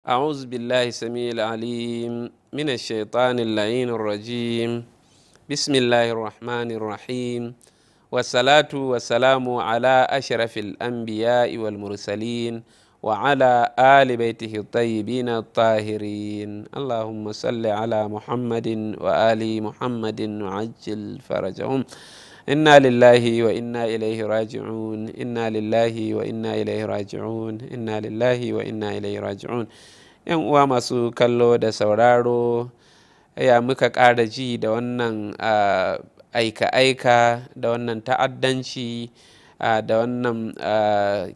أعوذ بالله السميع العليم من الشيطان اللعين الرجيم بسم الله الرحمن الرحيم والصلاة والسلام على أشرف الأنبياء والمرسلين وعلى آل بيته الطيبين الطاهرين اللهم صل على محمد وآل محمد وعجل فرجهم inna lillahi wa inna ilaihi raji'un inna lillahi wa inna ilaihi raji'un inna lillahi wa inna ilaihi raji'un yan uwa masu kallo da sauraro ya muka ƙara ji da wannan aika-aika da wannan ta'addanci da wannan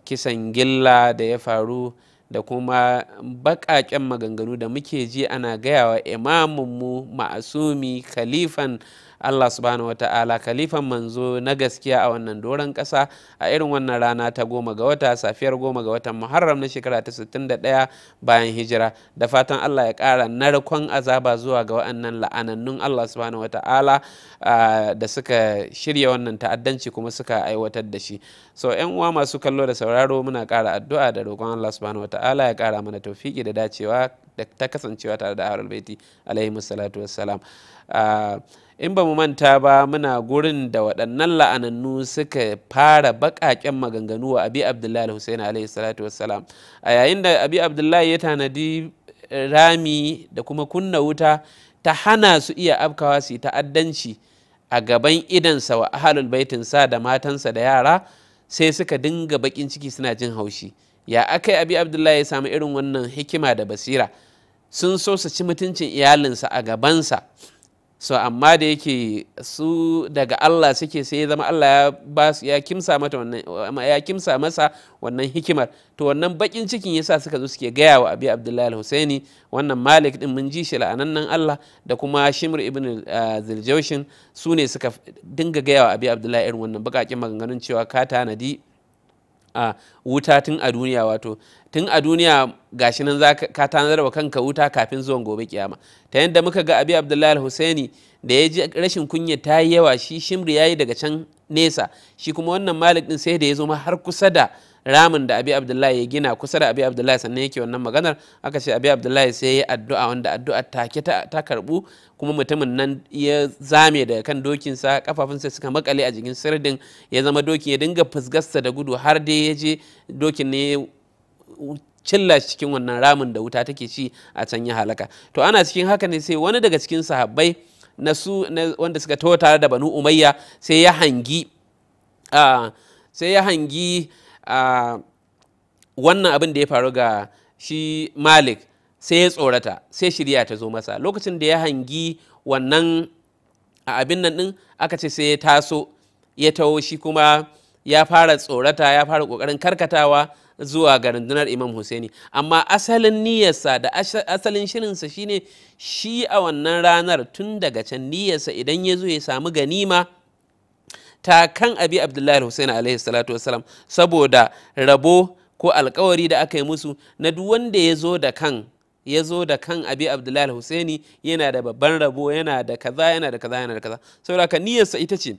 kisan gilla da ya faru da kuma baƙaƙen maganganu da muke ji ana gayawa imaminmu ma'asumi khalifan Allah subhanahu ta'ala kalifan manzo na gaskiya a wannan doron kasa a irin wannan rana ta goma ga wata safiyar goma ga watan Muharram na shekara ta 61 bayan hijira da fatan Allah ya kara narkon azaba zuwa ga wa'annan la'anannun Allah subhanahu ta'ala da suka shirya wannan ta'addanci kuma suka aiwatar da shi so yan uwa masu kallo da sauraro muna ƙara addu'a da roƙon Allah subhanahu ta'ala ya kara mana tawfiki da dacewa da ta kasancewa tare da ahlul baiti alaihi salatu wassalam ah, in ba mu manta ba muna gurin da waɗannan la'anannu suka fara baƙaƙen maganganu wa abi abdullahi al-husain alaihi salatu wassalam a yayin da abi abdullahi ya tanadi eh, rami da kuma kunna wuta ta hana su iya afkawa su ta'addanci a gaban idansa wa ahalul baitinsa da matansa da yara sai suka dinga baƙin ciki suna jin haushi ya aka yi abi abdullahi ya samu irin wannan hikima da basira sun so su ci mutuncin iyalinsa a gabansa so amma da yake su daga Allah suke sai ya zama Allah ya kimsa masa wannan hikimar to wannan bakin cikin yasa suka zo suke gaya wa Abi Abdullahi al-Husaini wannan Malik din mun ji shi la'anannan Allah da kuma Shimr ibn ah, Ziljawshin su ne suka dinga gaya wa Abi Abdullahi irin wannan bakakin maganganun cewa ka tanadi a wuta tun a duniya wato tun a duniya gashi nan za ka tanar wa kanka wuta kafin zuwan gobe kiyama ta yadda muka ga abi abdullahi al-husaini da ya ji rashin kunya ta yi yawa shi shimri ya yi daga can nesa shi kuma wannan malik din sai da ya zo ma har kusa da ramin da abi abdullahi ya gina kusa da abi abdullahi sannan yake wannan maganar aka ce abi abdullahi sai ya addu'a wanda addu'a take ta karbu kuma mutumin nan ya zame daga kan dokinsa kafafunsa suka makale a jikin sirdin ya zama dokin ya dinga fusgasta da gudu har dai ya je dokin ne cilla cikin wannan ramin da wuta take ci a can ya halaka to ana cikin haka ne sai wani daga cikin sahabbai na su wanda suka taho tare da banu umayya sai ya hangi sai ya hangi wannan abin da ya faru ga shi malik sai ya tsorata sai shirya ta zo masa lokacin da ya hangi wannan abin nan din aka ce sai ya taso ya taho shi kuma ya fara tsorata ya fara kokarin karkatawa zuwa ga rundunar imam husaini amma asalin niyyarsa da asalin shirinsa shine shi a wannan ranar tun daga can niyyarsa idan ya zo ya samu ganima ta kan abi abdullahi husaini alaihi salatu wasalam saboda rabo ko alkawari da aka yi musu na duk wanda ya zo da kan ya zo da kan abi abdullahi husaini yana da babban rabo yana da kaza yana da kaza yana da kaza saboda ka niyyarsa ita ce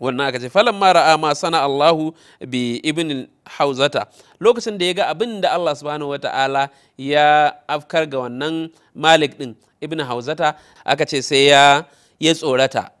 wannan aka ce falan mara ma sana Allahu bi ibn hauzata lokacin da ya ga abin da Allah subhanahu wata'ala ya afkar ga wannan malik din ibn hauzata aka ce sai ya tsorata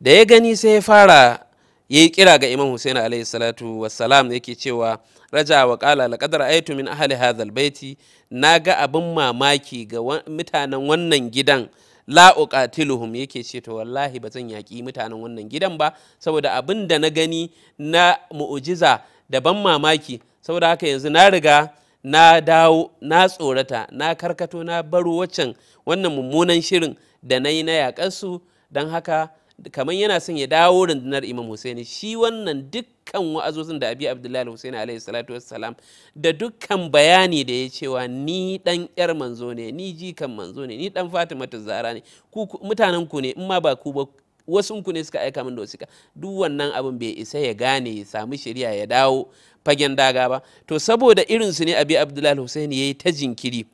da ya gani sai ya fara ya yi kira ga imam hussein alaihi salatu wassalam yake cewa raja wa kala laƙadar aitu min ahali hadhal baiti na ga abin mamaki ga mutanen wannan gidan la uqatiluhum yake ce to wallahi ba zan yaƙi mutanen wannan gidan ba saboda abin da na gani na mu'ujiza da ban mamaki saboda haka yanzu na riga na dawo na tsorata na karkato na baro waccan wannan mummunan shirin da na yi na yaƙarsu don haka kamar yana son ya dawo rundunar imam husaini shi wannan dukkan wa'azozin da abi abdullahi husaini alaihi salatu wassalam da dukkan bayani da ya cewa ni dan yar manzo ne ni jikan manzo ne ni dan fatimatu zara ne ku mutanen ku ne in ma ba ku ba wasu ku ne suka aika min da wasika duk wannan abin bai isa ya gane ya samu shari'a ya dawo fagen daga ba to saboda irin su ne abi abdullahi husaini yayi ta jinkiri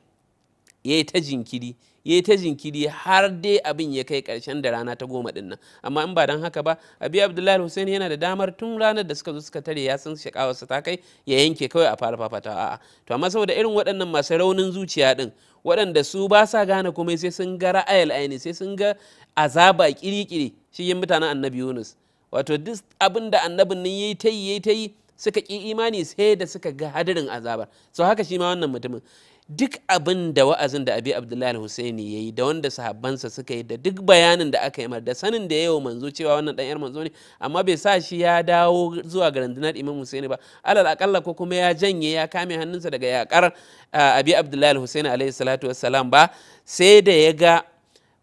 yayi ta jinkiri ya ta jinkiri har dai abin ya kai karshen da rana ta goma din amma in ba don haka ba abi abdullahi hussein yana da damar tun ranar da suka zo suka tare ya san su ta kai ya yanke kawai a fara fafata a'a to amma saboda irin waɗannan masu raunin zuciya din waɗanda su ba sa gane kuma sai sun ga ra'ayal aini sai sun ga azaba kirikiri shi yin mutanen annabi yunus wato duk abin da annabin nan yayi ta yi yayi ta yi suka ki imani sai da suka ga hadirin azabar so haka shi ma wannan mutumin duk abin da wa'azin da abi abdullahi husaini ya yi da wanda sahabbansa suka yi da duk bayanin da aka yi mar da sanin da wa manzo cewa wannan dan yar manzo ne amma bai sa shi ya dawo zuwa ga rundunar imam husaini ba alal akalla ko kuma ya janye ya kame hannunsa daga yakar abi abdullahi husaini alaihi salatu wassalam ba sai da ya ga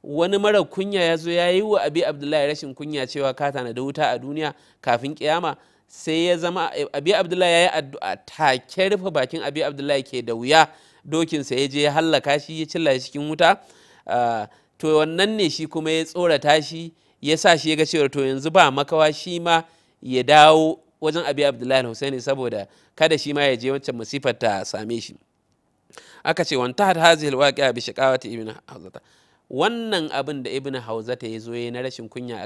wani mara kunya ya zo ya yi wa abi abdullahi rashin kunya cewa ka tana da wuta a duniya kafin kiyama sai ya zama abi abdullahi ya yi addu'a take rufe bakin abi abdullahi ke da wuya dokinsa ya je ya hallaka shi ya cilla shi cikin wuta ah, to wannan ne shi kuma ya tsorata shi ya sa shi ya ga cewa to yanzu ba makawa shi ma ya dawo wajen abi abdullahi husaini saboda kada shi ma ya je wancan masifar ta same shi aka ce wanta har hazihil waqi'a bi shaqawati ibn hazata wannan abin da ibn hauzata ta zo na rashin kunya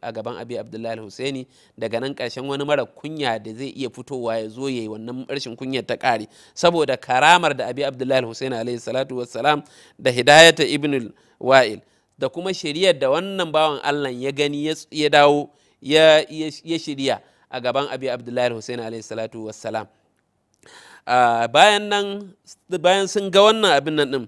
a gaban abi abdullahi husaini daga nan karshen wani mara kunya da zai iya fitowa ya zo yayi wannan rashin kunyar ta kare saboda karamar da abi abdullahi husaini alaihi salatu wassalam da hidayata ibn wa'il da kuma shiriyar da wannan bawan allah ya gani ya dawo ya shirya a gaban abi abdullahi husaini alaihi salatu wassalam ah, bayan nan bayan sun ga wannan abin nan din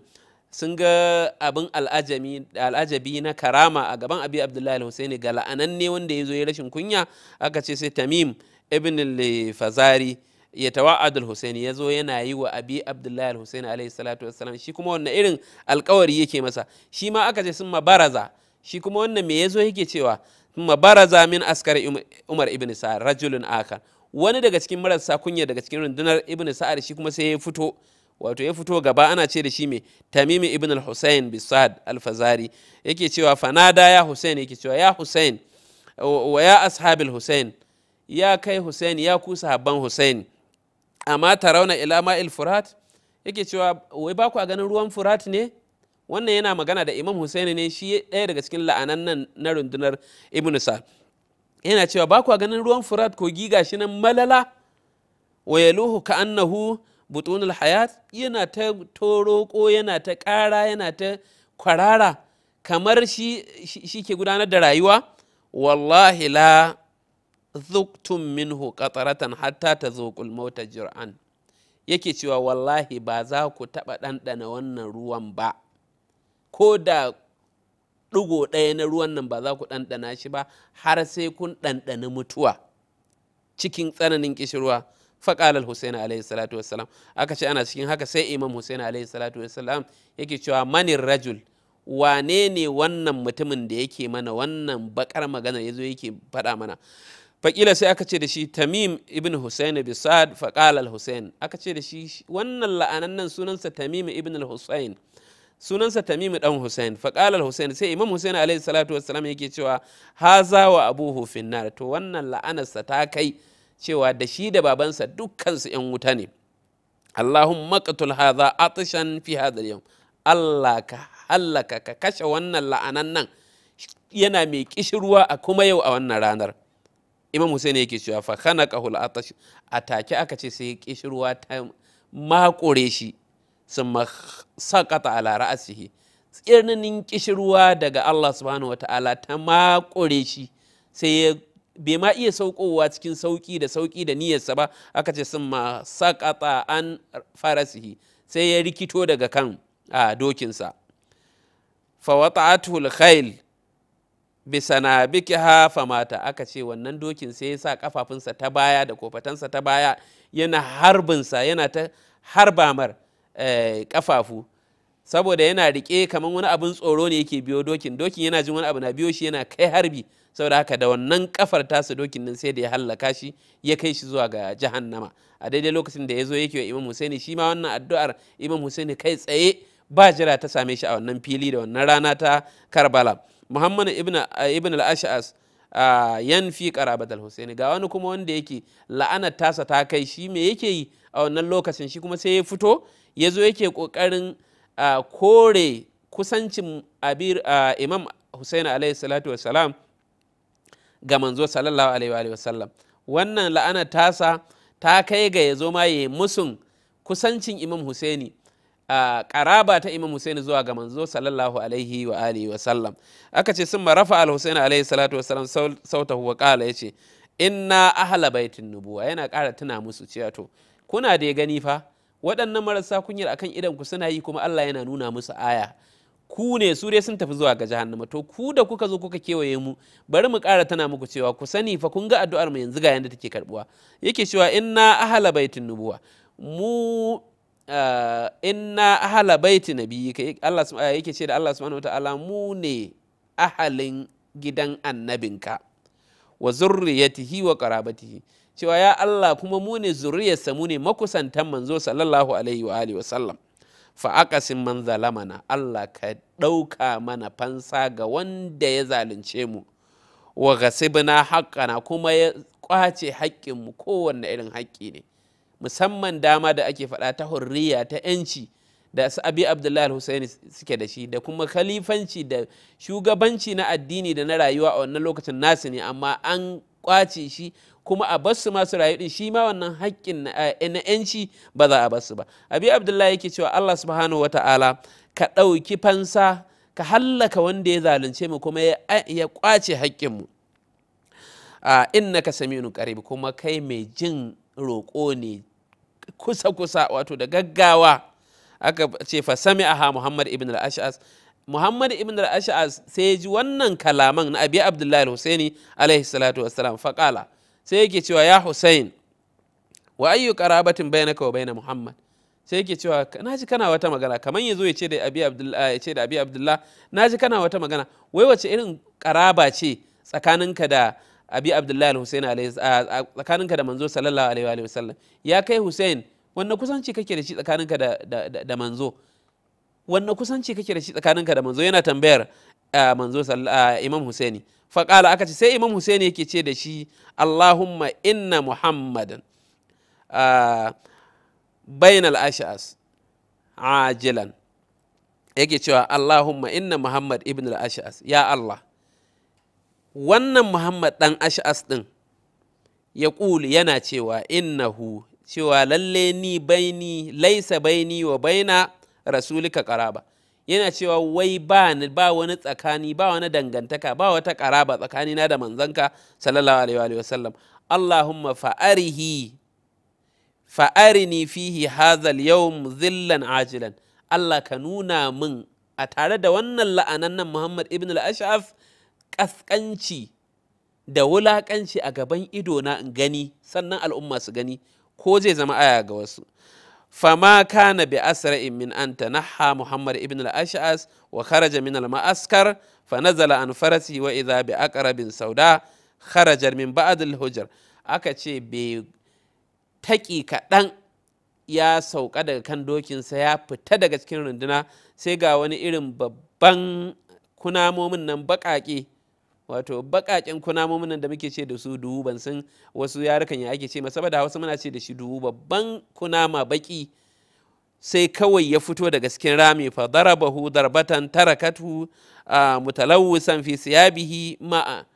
sun ga abin al'ajabi na karama a gaban abi abdullahi al-husaini ga la'ananne wanda ya zo ya rashin kunya aka ce sai tamim ibn al-fazari ya tawa adul husaini ya zo yana yi wa abi abdullahi al-husaini alaihi salatu wassalam shi kuma wannan irin alkawari yake masa shi ma aka ce sun mabaraza shi kuma wannan me yazo yake cewa mabaraza min askari umm, umar ibn sa'ad rajulun Aka. wani daga cikin marasa kunya daga cikin rundunar ibn sa'ad shi kuma sai ya fito wato ya fito gaba ana ce da shi mai tamimi ibn al-husayn bisad al-fazari yake cewa fanada ya husayn yake cewa ya husayn wa ya ashabil husayn ya kai husayn ya ku sahabban husayn amma tarauna ila ma'il furat yake cewa wai ba ku a ganin ruwan furat ne wannan yana magana da imam husayn ne shi ɗaya daga cikin la'anan nan na rundunar ibn sa yana cewa ba ku a ganin ruwan furat kogi gashi nan malala wa yaluhu ka annahu butunul hayat yana ta toroko yana ta ƙara yana ta kwarara kamar shi, shi, ke gudanar da rayuwa wallahi la zuktum minhu qataratan hatta tazuqul mauta jir'an yake cewa wallahi ba za ku taɓa ɗanɗana wannan ruwan ba ko da ɗugo ɗaya na ruwan nan ba za ku ɗanɗana shi ba har sai kun ɗanɗana mutuwa cikin tsananin kishirwa. faƙala al-husaini alaihi salatu wassalam aka ce ana cikin haka sai imam husaini alayhi salatu wassalam yake cewa manin rajul wane ne wannan mutumin da yake mana wannan bakar magana yazo yake faɗa mana faƙila sai aka ce da shi tamim ibn husaini bisad faƙala al-husain aka ce da shi wannan la'anannan sunansa tamim ibn al-husain sunansa tamimu dan Hussein faƙalar Hussein sai Imam Hussein alayhi salatu wassalam yake cewa haza wa abuhu finnar to wannan la'anarsa ta kai cewa da shi da babansa dukkansu 'yan wuta ne allahumma qatul hadha atishan fi hadha yawm allah ka hallaka ka kashe wannan la'anan nan yana mai kishirwa a kuma yau a wannan ranar imam hussein yake cewa fa khanaqahu al-atash atake aka ce sai kishirwa ta makure shi summa saqata ala ra'sihi tsirnin kishirwa daga Allah subhanahu wata'ala ta makure shi sai ya bai ma iya saukowa cikin sauki da sauki da niyyarsa ba aka ce sun ma saƙata an farasihi sai ya rikito daga kan a dokinsa fawata'atul khail bi hafa famata aka ce wannan dokin sai ya sa kafafunsa ta baya da kofatansa ta baya yana harbinsa yana ta harbamar kafafu eh, saboda yana rike kamar wani abin tsoro ne yake biyo dokin dokin yana jin wani abu na biyo shi yana kai harbi saboda haka da wannan kafar tasu dokin nan sai da ya hallaka shi ya kai shi zuwa ga jahannama a daidai lokacin da ya zo yake wa imam husaini shi ma wannan addu'ar imam husaini kai tsaye ba jira ta same shi a wannan fili da wannan rana ta karbala muhammad ibn eh, al-ash'as ah, yan fi karabatal husaini ga wani kuma wanda yake la'anar tasa ta kai shi me yake yi a wannan lokacin shi kuma sai ya fito ya zo yake kokarin ah, kore kusancin ah, imam husaini alaihi salatu wassalam ga manzo sallallahu alaihi wa sallam wannan la'ana tasa ta kai ga ya zo ma ya musun kusancin imam husaini a karaba ta imam husaini zuwa ga manzo sallallahu alaihi wa alihi wa sallam aka ce sun marafa al husaini alaihi salatu wa sallam sautahu wa qala yace inna ahla baitin nubuwa yana kara tuna musu cewa to kuna da gani fa waɗannan marasa kunyar akan idan ku suna yi kuma Allah yana nuna musu aya ku ne su dai sun tafi zuwa ga jahannama to ku da kuka zo kuka kewaye mu bari mu ƙara tana muku cewa ku sani fa kun ga addu'ar mu yanzu ga yanda take karbuwa yake cewa inna ahla baitin nubuwa mu inna ahla baiti nabi Allah yake ce da Allah subhanahu wataala mu ne ahalin gidan annabinka wa zurriyatihi wa qarabatihi cewa ya Allah kuma mu ne zuriyarsa mu ne makusantan manzo sallallahu alaihi wa alihi wa sallam fa'akasin akasin man zalamana Allah ka ɗauka mana fansa ga wanda ya zalunce mu wa gasibna na kuma ya ƙwace haƙƙinmu kowanne irin haƙƙi ne musamman dama da ake faɗa ta hurriya ta 'yanci da abi abdullahi suke da shi da kuma khalifanci da shugabanci na addini da na rayuwa a wannan lokacin nasu ne amma an kwace shi kuma a basu masu rayu din shi ma wannan haƙƙin na yanci eh, ba za a basu ba abi abdullahi yake cewa Allah subhanahu wataala ka ɗauki fansa ka hallaka wanda ya zalunce mu kuma ya kwace haƙƙinmu sami inu qarib kuma kai mai jin roƙo ne kusa kusa wato da gaggawa aka ce fa sami'aha Muhammad ibn al-Ash'as Muhammad ibn al-Ash'as sai ji wannan kalaman na Abi Abdullahi al-Husaini alaihi salatu wassalam faqala sai yake cewa ya Hussein wa ayyu qarabatin bainaka wa baina Muhammad sai yake cewa naji kana wata magana kamar yazo ya da Abi Abdullah ya ce da Abi Abdullah naji kana wata magana wai wace irin qaraba ce tsakaninka da Abi Abdullah al-Husain alayhi tsakaninka da manzo sallallahu alaihi wa sallam ya kai Hussein wanne kusanci kake da shi tsakaninka da da, da manzo wanne kusanci kake da shi tsakaninka da manzo yana tambayar manzo Imam Husaini faƙala aka ce sai imam hussein yake ce da shi allahumma inna muhammadan ajilan yake cewa allahumma inna muhammad ibn al-Ashas ya allah wannan muhammad ɗan ash'as ɗin ya kuli yana cewa innahu cewa lalle ni baini laisa baini wa baina rasulika Karaba. yana cewa wai ba ba wani tsakani ba wani dangantaka ba wata karaba tsakani na da manzanka sallallahu alaihi wa sallam allahumma fa'arihi fa'arini fihi hazal yawm zillan ajilan allah ka nuna min a tare da wannan la'anannan muhammad ibn al-ash'af kaskanci da wulakanci a gaban idona in gani sannan al'umma su gani ko zai zama aya ga wasu fama kana bi asra'in min an tanaha muhammad ibn al wa kharaja min al-ma'askar fa nazala an farasi wa idha bi aqrabin sauda kharaja min ba'd hujr aka ce bai taki kaɗan ya sauƙa daga kan dokinsa ya fita daga cikin runduna sai ga wani irin babban kunamomin nan baƙaƙe wato baƙaƙen kuna nan da muke ce da su duhu ban san wasu yarukan ya ake ce masa ba hausa muna ce da shi duhu babban kunama baki sai kawai ya fito daga cikin rami fa darabahu darbatan tarakatu mutalawusan fi siyabihi ma'a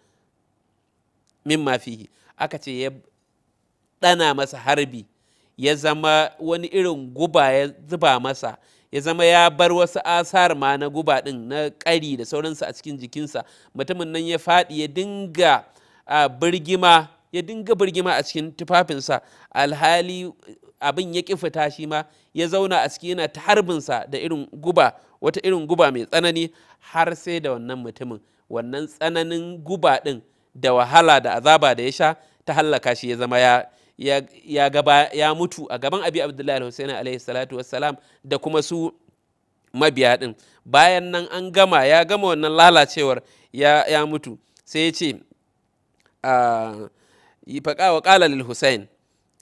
mimma fihi aka ce ya dana masa harbi ya zama wani irin guba ya zuba masa ya zama ya bar wasu asar ma na guba din na ƙari da sauransu a cikin jikinsa mutumin nan ya faɗi ya dinga birgima ya dinga birgima a cikin tufafinsa alhali abin ya fita shi ma ya zauna a ciki yana ta harbinsa da irin guba wata irin guba mai tsanani har sai da wannan mutumin wannan tsananin guba ɗin da wahala da azaba da ya sha ta hallaka shi ya zama ya ya, gaba, ya mutu a gaban abi abdullahi al-husaini alaihi salatu wassalam da kuma su mabiya din bayan nan an gama ya gama wannan lalacewar ya, mutu sai ya ce ah, faƙa wa ƙala lil husain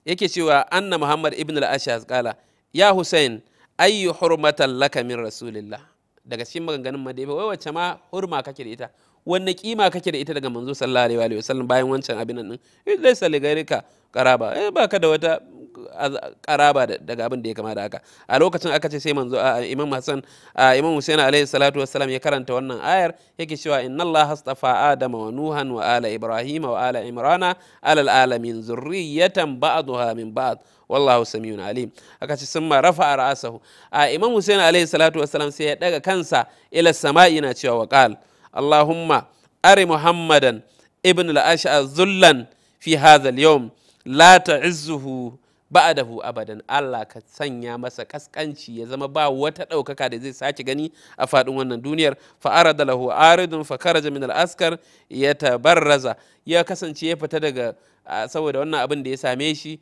yake cewa anna muhammad ibn al-ashaz ƙala ya husain ayyu hurmatan laka min rasulillah daga cikin maganganun ma wai wacce ma hurma kake da ita wanne kima kake da ita daga manzo sallallahu alaihi wa sallam bayan wancan abin nan din eh, laysa li ghayrika qaraba eh baka da wata qaraba daga abin da ya kama da haka a lokacin aka ce sai manzo imam hasan imam husaini alaihi salatu wassalam ya karanta wannan ayar yake cewa inna allaha astafa adama wa nuhan wa ala ibrahima wa ala imrana alal alamin zurriyatan ba'daha min ba'd wallahu samiyun alim aka ce sun ma rafa ra'asahu a imam husaini alaihi salatu wassalam sai ya daga kansa ila sama'i na cewa wa qala Allahumma ari Muhammadan ibn al-Ash'a zullan fi hadha al-yawm la abadan Allah ka sanya masa kaskanci ya zama ba wata ɗaukaka da zai sake gani a faɗin wannan duniyar fa arada lahu aridun fa min al-askar ya tabarraza ya kasance ya fita daga saboda wannan abin da ya same shi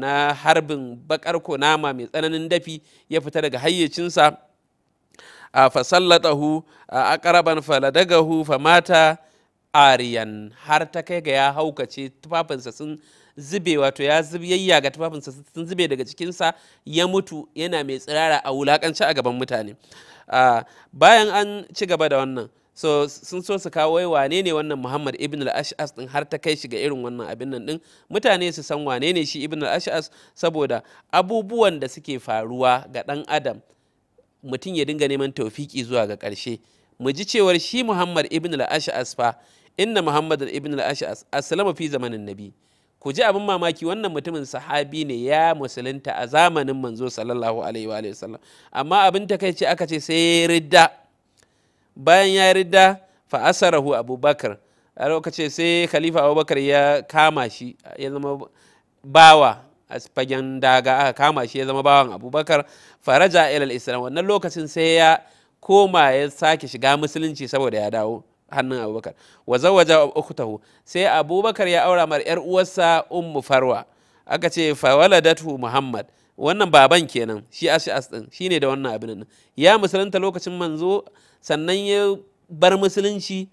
na harbin bakar nama mai tsananin dafi ya fita daga hayyacinsa fasallatahu aqraban faladagahu mata ariyan har ta kai ga ya haukace tufafinsa sun zube wato ya zubyayya ga tufafinsa sun zube daga cikinsa ya mutu yana mai tsirara a wulakanci a gaban mutane bayan an ci gaba da wannan so sun so su kawo wai wane ne wannan muhammad ibn al-ash'as din har ta kai shi ga irin wannan abin nan din mutane su san wane ne shi ibn al-ash'as saboda abubuwan da suke faruwa ga ɗan adam mutum ya dinga neman taufiki zuwa ga ƙarshe mu ji cewar shi muhammad ibn al-ash'as fa inna muhammad ibn al-ash'as aslama fi zamanin nabi ku ji abin mamaki wannan mutumin sahabi ne ya musulunta a zamanin manzo sallallahu alaihi wa sallam amma abin takaici aka ce sai ya ridda bayan ya ridda fa asarahu abubakar a lokacin sai khalifa abubakar ya kama shi ya zama bawa a fagen daga aka kama shi ya zama bawan abubakar faraja ilal islam wannan lokacin sai ya koma ya sake shiga musulunci saboda ya dawo hannun abubakar wa zawaja ukhtahu sai abubakar ya aura mar yar uwarsa ummu farwa aka ce fa waladatu muhammad wannan baban kenan shi as din shine da wannan abin ya musulunta lokacin manzo sannan ya bar musulunci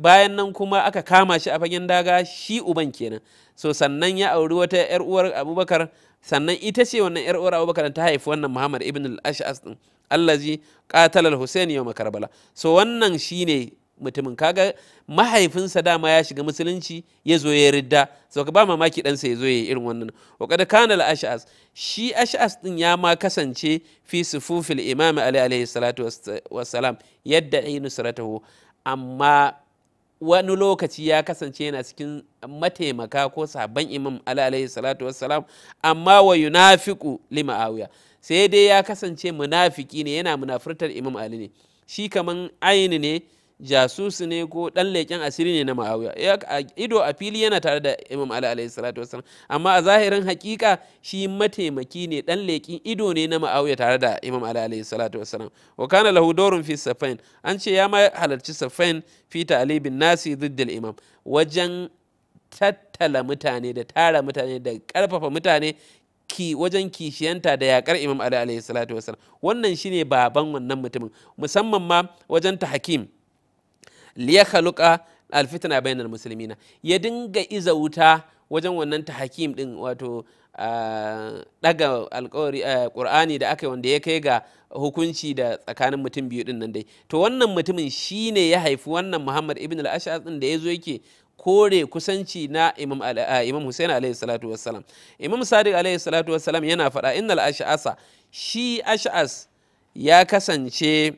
bayan nan kuma aka kama shi a fagen daga shi uban kenan so sannan ya auri wata yar uwar abubakar sannan ita ce wannan yar uwar abubakar ta haifi wannan muhammad ibn al-ash'as din allazi qatala al-husayn yawm karbala so wannan shine mutumin kaga mahaifinsa dama ya shiga musulunci ya zo ya ridda so ba mamaki dansa ya zo ya yi irin wannan wa kada kana ash'as shi ash'as din ya ma kasance fi sufufil imam ali alayhi salatu wassalam yadda nusratahu amma wani lokaci ya kasance yana cikin mataimaka ko sabon imam alaihi salatu wassalam amma wa yunafiqu li ma'awiya sai dai ya kasance munafiki ne yana munafurtar imam ali ne shi kaman aini ne jasusu ne ko dan leƙen asiri ne na ma'awiya ido a fili yana tare da imam ali alaihi salatu wasallam amma a zahirin hakika shi mataimaki ne dan leƙin ido ne na ma'awiya tare da imam ali alaihi salatu wasallam wa kana lahu dawrun fi safain an ce ya ma halarci safain fi talibin bin nasi diddil imam wajen tattala mutane da tara mutane da karfafa mutane ki wajen kishiyanta da yakar imam ali alaihi salatu wasallam wannan shine baban wannan mutumin musamman ma wajen ta hakim liyakhluqa alfitna bainal muslimina ya dinga iza wuta wajen wannan ta hakim din wato daga alkawari qur'ani da aka yi wanda ya kai ga hukunci da tsakanin mutum biyu din nan dai to wannan mutumin shi ne ya haifi wannan muhammad ibn al-ash'ar din da ya zo yake kore kusanci na imam imam husain alaihi salatu wassalam imam sadiq alaihi salatu wassalam yana fada innal ash'asa shi ash'as ya kasance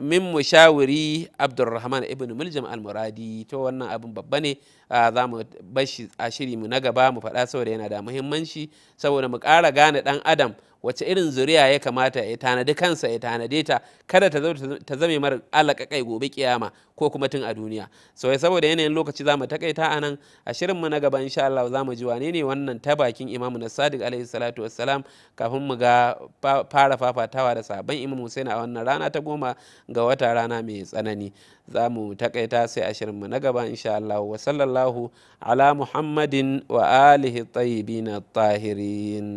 min mushawiri abdulrahman ibn muljam Almuradi to wannan abin babba ne za mu bashi a shiri mu na gaba mu faɗa saboda yana da muhimmanci saboda mu ƙara gane ɗan adam wace irin zuriya ya kamata ya tanadi kansa ya tanade ta kada ta zame mara alaka kai gobe kiyama ko kuma tun a duniya so saboda yanayin lokaci zamu takaita nan a shirin mu na gaba insha Allah mu ji wane ne wannan ta bakin Imam na Sadiq alaihi salatu wassalam kafin mu ga fara fafatawa da sabon Imam sai a wannan rana ta goma ga wata rana mai tsanani za zamu takaita sai a shirin mu na gaba insha Allah wa sallallahu ala Muhammadin wa alihi tayyibin tahirin